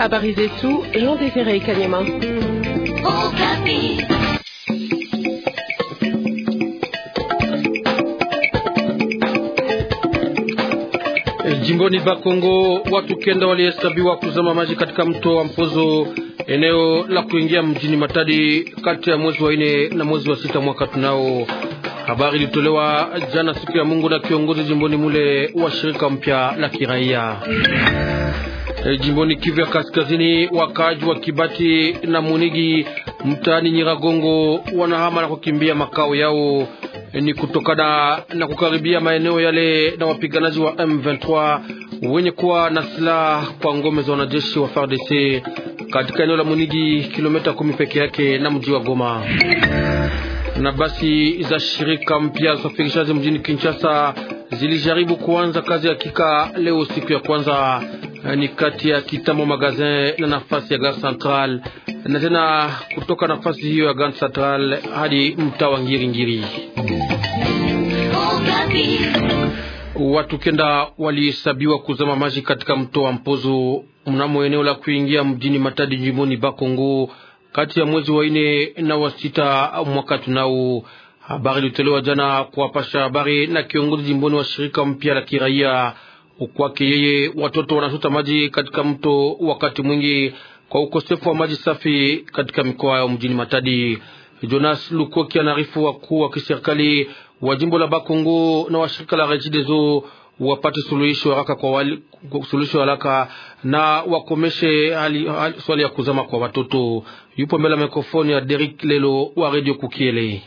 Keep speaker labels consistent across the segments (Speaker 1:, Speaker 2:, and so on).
Speaker 1: Habari zetu Jean Desire Kanyama.
Speaker 2: Jimboni Bakongo watu kenda walihesabiwa kuzama maji katika mto wa Mpozo eneo la kuingia mjini Matadi kati ya mwezi wa ine na mwezi wa sita mwaka tunao Habari ilitolewa jana siku ya Mungu na kiongozi jimboni mule wa shirika mpya la kiraia e, jimboni Kivu ya Kaskazini. Wakaaji wa Kibati na Munigi mtaani Nyiragongo wanahama na kukimbia makao yao, e, ni kutokana na kukaribia maeneo yale na wapiganaji wa M23 wenye kuwa na silaha kwa ngome za wanajeshi wa FARDC katika eneo la Munigi, kilomita kumi peke yake na mji wa Goma na basi za shirika mpya za usafirishaji mjini Kinshasa zilijaribu kuanza kazi kika leo siku ya kwanza eh, ni kati ya Kitamo Magazin na nafasi ya Gare Central na tena kutoka nafasi hiyo ya Gare Central hadi mtaa wa Ngiringiri. watu kenda walihesabiwa kuzama maji katika mto wa Mpozo mnamo eneo la kuingia mjini Matadi jimboni Bakongo kati ya mwezi wa ine na wa sita mwaka tunao. Habari ilitolewa jana kuwapasha habari na kiongozi jimboni wa shirika mpya la kiraia. Kwake yeye, watoto wanachota maji katika mto wakati mwingi kwa ukosefu wa maji safi katika mikoa ya mjini Matadi. Jonas Lukoki anaarifu wakuu wa kiserikali wa jimbo la Bakongo na washirika la Regideso wapate suluhisho haraka kwa wali, suluhisho haraka na wakomeshe hali, hali, swali ya kuzama kwa watoto. Yupo mbele ya mikrofoni ya Derek Lelo wa Radio Kukiele.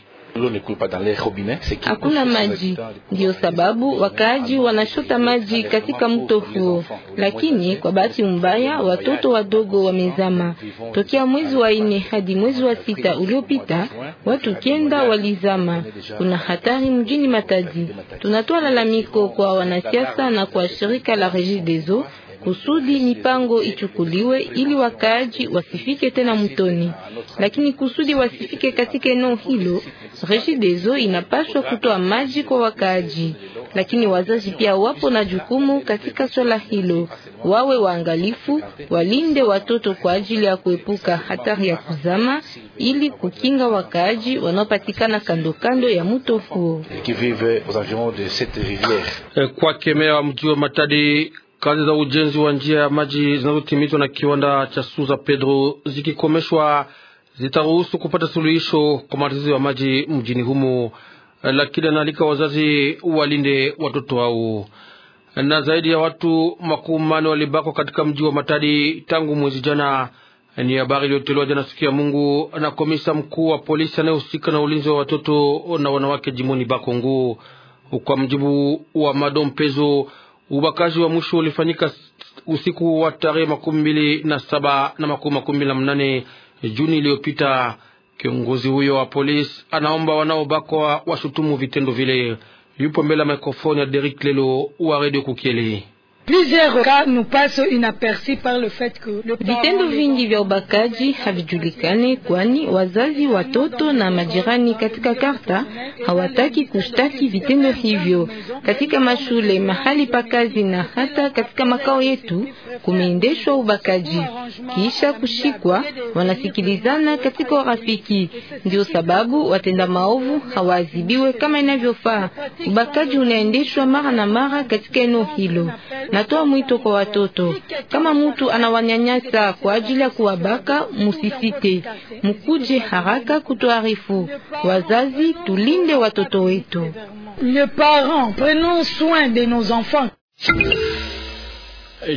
Speaker 2: Hakuna maji,
Speaker 3: ndiyo sababu wakaaji wanashota maji katika mto huo, lakini kwa bahati mbaya watoto wadogo wamezama. Tokea mwezi wa ine hadi mwezi wa sita uliopita, watu kenda walizama. Kuna hatari mjini Matadi. Tunatoa lalamiko kwa wanasiasa na kwa shirika la Regideso kusudi mipango ichukuliwe ili wakaaji wasifike tena mtoni. Lakini kusudi wasifike katika eneo hilo, Regideso inapaswa kutoa maji kwa wakaaji lakini wazazi pia wapo na jukumu katika swala hilo. Wawe waangalifu, walinde watoto kwa ajili ya kuepuka hatari ya kuzama, ili kukinga wakaaji wanaopatikana kando kando ya mto huo.
Speaker 2: E, kwa kemea mji wa Matadi, kazi za ujenzi wa njia ya maji zinazotimizwa na kiwanda cha Suza Pedro zikikomeshwa zitaruhusu kupata suluhisho kwa matatizo ya maji mjini humo lakini anaalika wazazi walinde watoto wao. Na zaidi ya watu makumi mane walibakwa katika mji wa Matadi tangu mwezi jana. Ni habari iliyotolewa jana siku ya Mungu na komisa mkuu wa polisi anayehusika na ulinzi wa watoto na wanawake jimoni Bakongo. Kwa mjibu wa Madom Pezo, ubakaji wa mwisho ulifanyika usiku wa tarehe makumi mbili na saba na makumi mbili na mnane Juni iliyopita. Kiongozi huyo wa polisi anaomba wanaobakwa washutumu vitendo vile. Yupo mbele ya mikrofoni ya Derek Lelo wa Radio Kukiele.
Speaker 3: Vitendo vingi vya ubakaji havijulikane, kwani wazazi, watoto na majirani katika karta hawataki kushtaki vitendo hivyo. Katika mashule, mahali pa kazi na hata katika makao yetu kumeendeshwa ubakaji. Kisha kushikwa, wanasikilizana katika urafiki. Ndio sababu watenda maovu hawaadhibiwe kama inavyofaa. Ubakaji unaendeshwa mara na mara katika eneo hilo. Natoa mwito kwa watoto, kama mutu anawanyanyasa kwa ajili ya kuwabaka, musisite, mukuje haraka kutuarifu. Wazazi, tulinde watoto wetu. Les parents, prenons soin de nos enfants.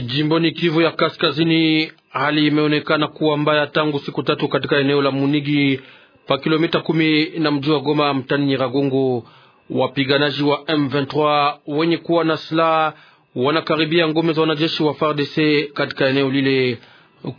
Speaker 2: Jimboni Kivu ya Kaskazini, hali imeonekana kuwa mbaya tangu siku tatu katika eneo la Munigi pa kilomita kumi na mji wa Goma mtani Nyiragongo. Wapiganaji wa M23 wenye kuwa na silaha wanakaribia ngome za wanajeshi wa FARDC katika eneo lile.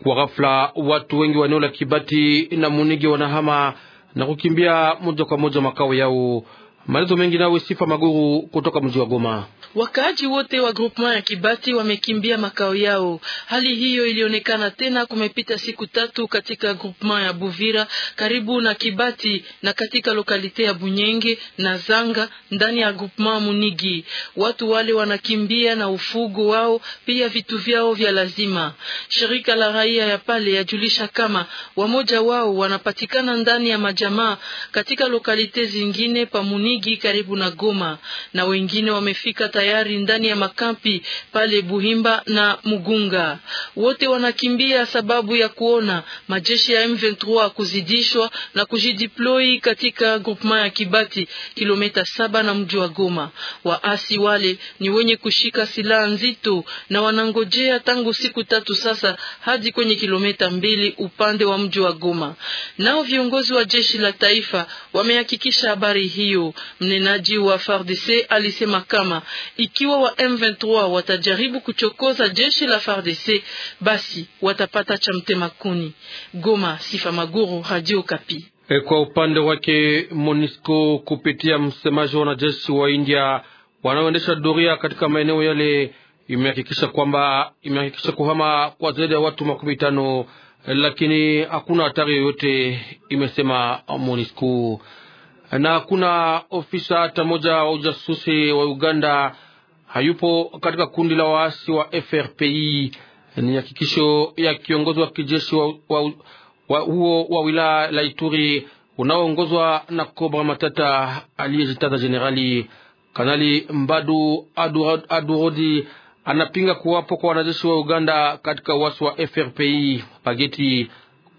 Speaker 2: Kwa ghafla, watu wengi wa eneo la Kibati na Munige wanahama na kukimbia moja kwa moja makao yao. Maelezo mengi nawe Sifa Maguru kutoka mji wa Goma.
Speaker 1: Wakaaji wote wa groupement ya Kibati wamekimbia makao yao. Hali hiyo ilionekana tena kumepita siku tatu katika groupement ya Buvira karibu na Kibati na katika lokalite ya Bunyenge na Zanga ndani ya groupement Munigi. Watu wale wanakimbia na ufugo wao pia vitu vyao vya lazima. Shirika la raia ya pale yajulisha kama wamoja wao wanapatikana ndani ya majamaa katika lokalite zingine pa Munigi karibu na Goma na wengine wamefika tayari ndani ya makampi pale Buhimba na Mugunga. Wote wanakimbia sababu ya kuona majeshi ya M23 kuzidishwa na kujidiploi katika groupement ya Kibati, kilomita saba na mji wa Goma. Waasi wale ni wenye kushika silaha nzito na wanangojea tangu siku tatu sasa hadi kwenye kilomita mbili upande wa mji wa Goma. Nao viongozi wa jeshi la taifa wamehakikisha habari hiyo. Mnenaji wa FARDC alisema kama ikiwa wa M23 watajaribu kuchokoza jeshi la FARDC, basi watapata cha mtema kuni. Goma, Sifa Maguru, Radio Kapi.
Speaker 2: E, kwa upande wake MONUSCO kupitia msemaji wa wanajeshi wa India wanaoendesha doria katika maeneo yale imehakikisha kwamba imehakikisha kuhama kwa zaidi ya watu makumi tano, lakini hakuna hatari yoyote, imesema MONUSCO na hakuna ofisa hata moja wa ujasusi wa Uganda hayupo katika kundi la waasi wa FRPI. Ni hakikisho ya kiongozi wa kijeshi wa, wa, wa huo wa wilaya la Ituri unaoongozwa na Kobra Matata aliyejitaza jenerali. Kanali Mbadu Adurodi anapinga kuwapo kwa wanajeshi wa Uganda katika uasi wa FRPI Bageti.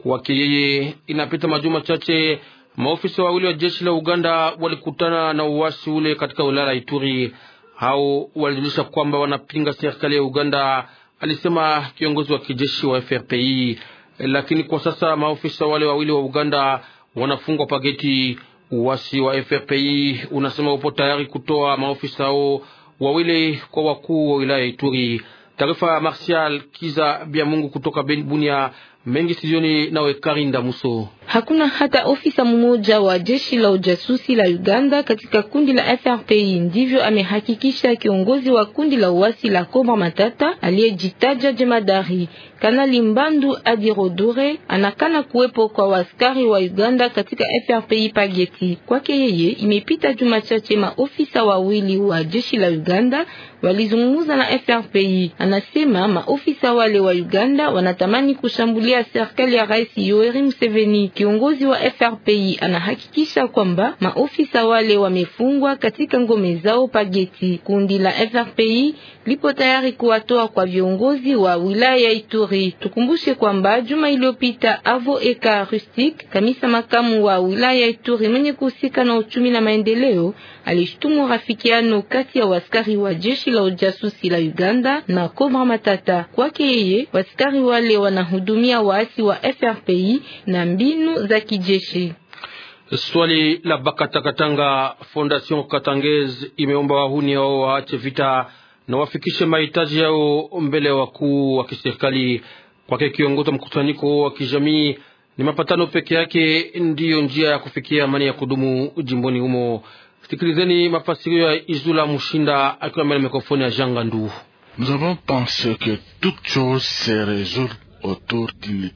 Speaker 2: Kwake yeye, inapita majuma chache maofisa wawili wa jeshi la Uganda walikutana na uasi ule katika wilaya la Ituri hao walijulisha kwamba wanapinga serikali ya Uganda, alisema kiongozi wa kijeshi wa FRPI. Lakini kwa sasa maofisa wale wawili wa Uganda wanafungwa pageti. Uwasi wa FRPI unasema upo tayari kutoa maofisa hao wawili kwa wakuu wa wilaya Ituri. Taarifa Martial Kiza Bya Mungu kutoka Bunia mengi sijioni nawe Karinda Muso.
Speaker 3: Hakuna hata ofisa mmoja wa jeshi la ujasusi la Uganda katika kundi la FRPI, ndivyo amehakikisha kiongozi wa kundi la uasi la Cobra Matata aliyejitaja jemadari Kanali Mbandu Adirodure. Anakana kuwepo kwa waskari wa Uganda katika FRPI Pageti. Kwake yeye, imepita juma chache maofisa wawili wa jeshi la Uganda walizungumza na FRPI. Anasema maofisa wale wa Uganda wanatamani kushambulia serikali ya Rais Yoweri Museveni. Kiongozi wa FRPI anahakikisha kwamba maofisa wale wamefungwa katika ngome zao Pageti. Kundi la FRPI lipo tayari kuwatoa kwa viongozi wa wilaya ya Ituri. Tukumbushe kwamba juma iliyopita Avo Eka Rustic, kamisa makamu wa wilaya ya Ituri mwenye kuhusika na uchumi na maendeleo alishtumu rafikiano kati ya waskari wa jeshi la ujasusi la Uganda na Cobra Matata. Kwake yeye, waskari wale wanahudumia waasi wa FRPI na mbinu za kijeshi.
Speaker 2: Swali la Bakatakatanga, Fondation Katangez imeomba wahuni hao waache vita na wafikishe mahitaji yao mbele ya wakuu wa kiserikali. Kwake kiongoza mkusanyiko wa kijamii, ni mapatano peke yake ndiyo njia ya kufikia amani ya kudumu jimboni humo. Sikilizeni mafasirio ya Izula Mushinda akiwa mbele mikrofoni ya Jangandu.
Speaker 4: Nous avons pensé que toute chose se résout autour d'une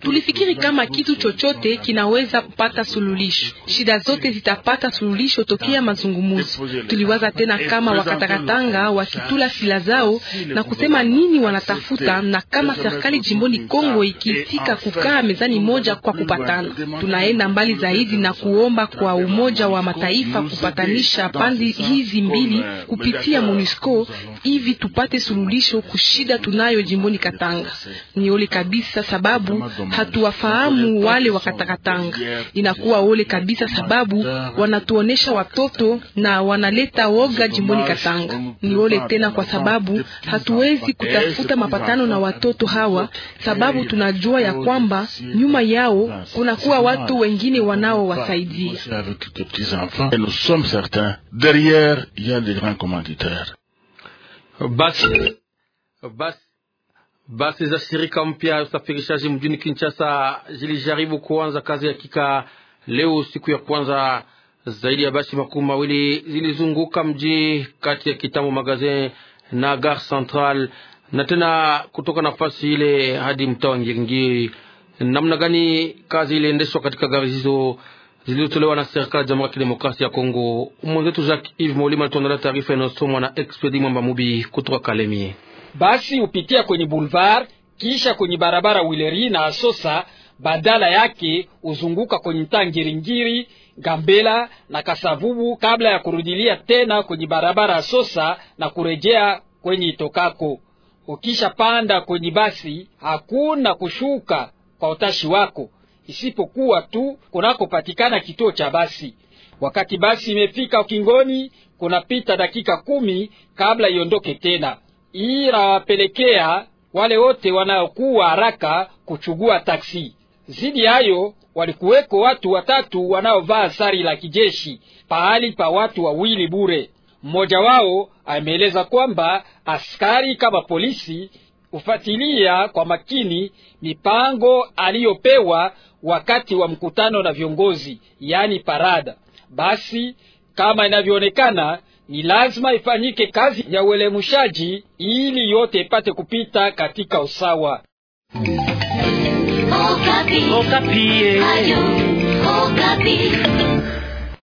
Speaker 4: Tulifikiri kama kitu chochote kinaweza kupata sululisho shida zote zitapata sululisho tokea mazungumuzi Tuliwaza tena kama wakatakatanga wakitula sila zao na kusema nini wanatafuta, na kama serikali jimboni Kongo ikiitika kukaa mezani moja kwa kupatana. Tunaenda mbali zaidi na kuomba kwa Umoja wa Mataifa kupatanisha pande hizi mbili kupitia MONUSCO hivi tupate sululisho kushida tunayo jimboni Katanga. Niole kabisa sababu hatuwafahamu wale wakatakatanga Inakuwa ole kabisa, sababu wanatuonesha watoto na wanaleta woga jimboni Katanga. Ni ole tena kwa sababu hatuwezi kutafuta mapatano na watoto hawa, sababu tunajua ya kwamba nyuma yao kunakuwa watu wengine wanaowasaidia.
Speaker 2: Basi basi basi za shirika mpya ya usafirishaji mjini Kinshasa zilijaribu kuanza kazi hakika leo siku ya kwanza. Zaidi ya basi makumi mawili zilizunguka mji kati ya Kitambo Magazin na Gare Central na tena kutoka nafasi ile hadi mtaa wa Ngiringiri. Namna gani kazi iliendeshwa katika gari hizo zilizotolewa na serikali ya Jamhuri ya Kidemokrasia ya Kongo? Mwenzetu Jacques Yves Molima alituandalia taarifa inayosomwa na Expedi Mwamba Mubi kutoka Kalemie
Speaker 5: basi hupitia kwenye boulevard kisha kwenye barabara Wileri na Asosa, badala yake huzunguka kwenye mtaa Ngiringiri, Gambela na Kasavubu kabla ya kurudilia tena kwenye barabara Asosa na kurejea kwenye itokako. Ukisha panda kwenye basi hakuna kushuka kwa utashi wako, isipokuwa tu kunakopatikana kituo cha basi. Wakati basi imefika ukingoni, kunapita dakika kumi kabla iondoke tena inapelekea wale wote wanaokuwa haraka kuchugua taksi. Zidi yayo walikuweko watu watatu wanaovaa sari la kijeshi pahali pa watu wawili bure. Mmoja wao ameeleza kwamba askari kama polisi hufuatilia kwa makini mipango aliyopewa wakati wa mkutano na viongozi, yaani parada. Basi kama inavyoonekana ni lazima ifanyike kazi ya uelemushaji ili yote ipate kupita katika usawa.
Speaker 3: Okapi. Okapi. Okapi.